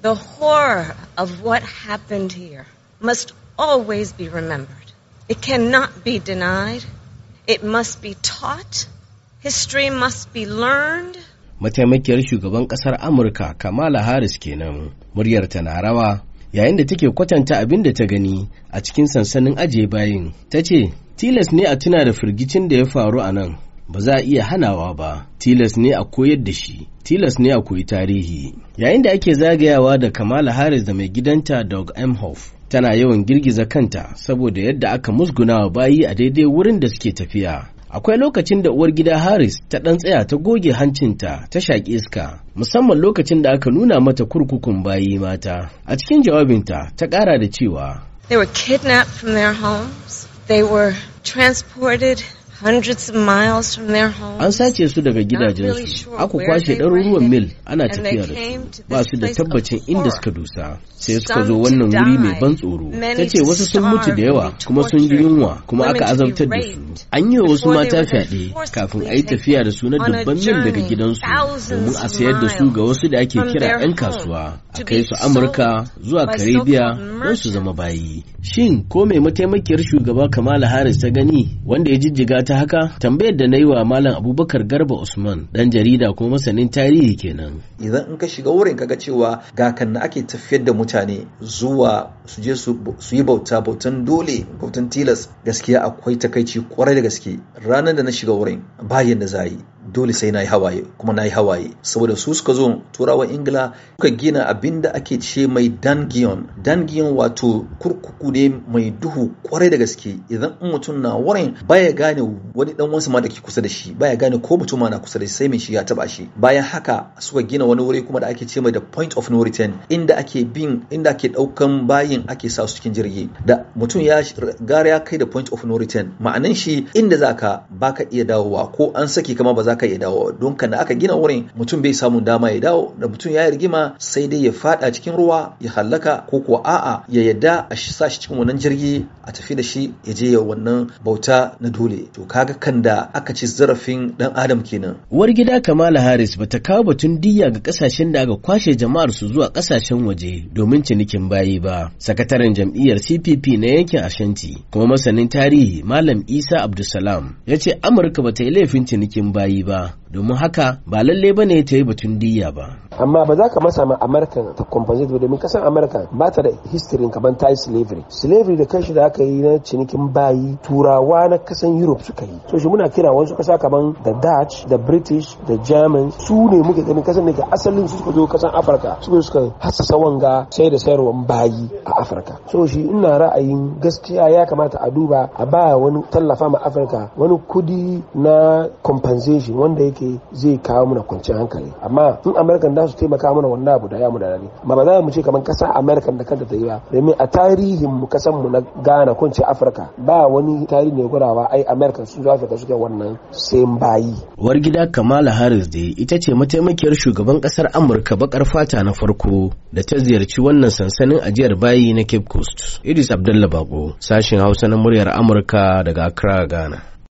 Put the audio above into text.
The horror of what happened here must always be remembered. It cannot be denied. It must be taught. History must be learned. Mataimakiyar shugaban kasar Amurka Kamala Harris kenan muryar ta na rawa yayin da take kwatanta abin da ta gani a cikin sansanin ajiye bayin ta ce tilas ne a tuna da firgicin da ya faru a nan ba za a iya hanawa ba tilas ne a koyar da shi tilas ne a koyi tarihi yayin da ake zagayawa da kamala harris da mai gidanta dog emhoff tana yawan girgiza kanta saboda yadda aka musgunawa bayi a daidai wurin da suke tafiya akwai lokacin da uwar gida harris ta ɗan tsaya ta goge hancinta ta shaƙi iska musamman lokacin da aka nuna mata kurkukun bayi mata a cikin jawabinta ta ƙara da cewa they were kidnapped from their homes they were transported An sace su daga gidajensu, aka kwashe ɗaruruwan mil ana tafiya da su, ba su da tabbacin inda suka dusa, sai suka zo wannan wuri mai ban tsoro. Ta ce wasu sun mutu da yawa kuma sun yi yunwa kuma aka azabtar da su. An yi wa wasu mata fyaɗe kafin a yi tafiya da su na dubban mil daga gidansu domin a sayar da su ga wasu da ake kira 'yan kasuwa, a kai su Amurka zuwa Karibiya don su zama bayi. Shin ko mai mataimakiyar shugaba Kamala Harris ta gani wanda ya jijjiga ta haka tambayar da na yi wa malam abubakar garba usman dan jarida kuma masanin tarihi kenan idan in ka shiga wurin kaga cewa ga kan na ake tafiyar da mutane zuwa su je su yi bauta bautan dole bautan tilas gaskiya akwai takaici kwarai da gaske ranar da na shiga wurin bayan da za yi dole sai na yi hawaye kuma na yi hawaye saboda su suka zo turawan ingila suka gina abin da ake ce mai dangion dangion wato kurkuku ne mai duhu kwarai da gaske idan in mutum na wurin baya gane wani dan wasu ma da ke kusa da shi baya gane ko mutum na kusa da shi sai mai shi ya taba shi bayan haka suka gina wani wuri kuma da ake ce mai da point of no return inda ake bin inda ake daukan bayin ake sa su cikin jirgi da mutum ya gara ya kai da point of no return ma'anan shi inda zaka baka iya dawowa ko an saki kama ba za haka ya dawo don kan aka gina wurin mutum bai samun dama ya dawo da mutum ya yi rigima sai dai ya fada cikin ruwa ya hallaka ko kuwa a'a ya yadda a sa shi cikin wannan jirgi a tafi da shi ya je ya wannan bauta na dole to kaga kan da aka ci zarafin dan adam kenan uwar gida kamala harris ta kawo batun diyya ga kasashen da aka kwashe jama'ar su zuwa kasashen waje domin cinikin bayi ba sakataren jam'iyyar cpp na yankin ashanti kuma masanin tarihi malam isa abdulsalam ya ce amurka ta yi laifin cinikin bayi ba ba domin haka ba lalle bane ta yi batun diya ba amma ba za ka masa ma american ta compensate ba domin kasar american ba ta da history kaman ta yi slavery slavery da kanshi da aka yi na cinikin bayi turawa na kasan europe suka yi so shi muna kira wasu kasa kaman da dutch da british da german su ne muke ganin kasan ne ke asalin su suka zo kasan afirka suka suka hasasa wanga sai da sayarwan bayi a afirka so shi ina ra'ayin gaskiya ya kamata a duba a ba wani tallafa ma afirka wani kudi na compensation wanda yake yake zai kawo mana kwanciyar hankali amma in american da su taimaka mana wannan abu da ya mu da dadi amma ba za mu ce kamar kasa american da kanta ta yi ba domin a tarihin mu kasan mu na gana ko Afirka ba wani tarihi ne gurawa ai american su zuwa Afirka suke wannan sai bayi war gida Kamala Harris da ita ce mataimakiyar shugaban kasar Amurka bakar fata na farko da ta ziyarci wannan sansanin ajiyar bayi na Cape Coast Idris Abdullahi Bako sashin Hausa na muryar Amurka daga Accra Ghana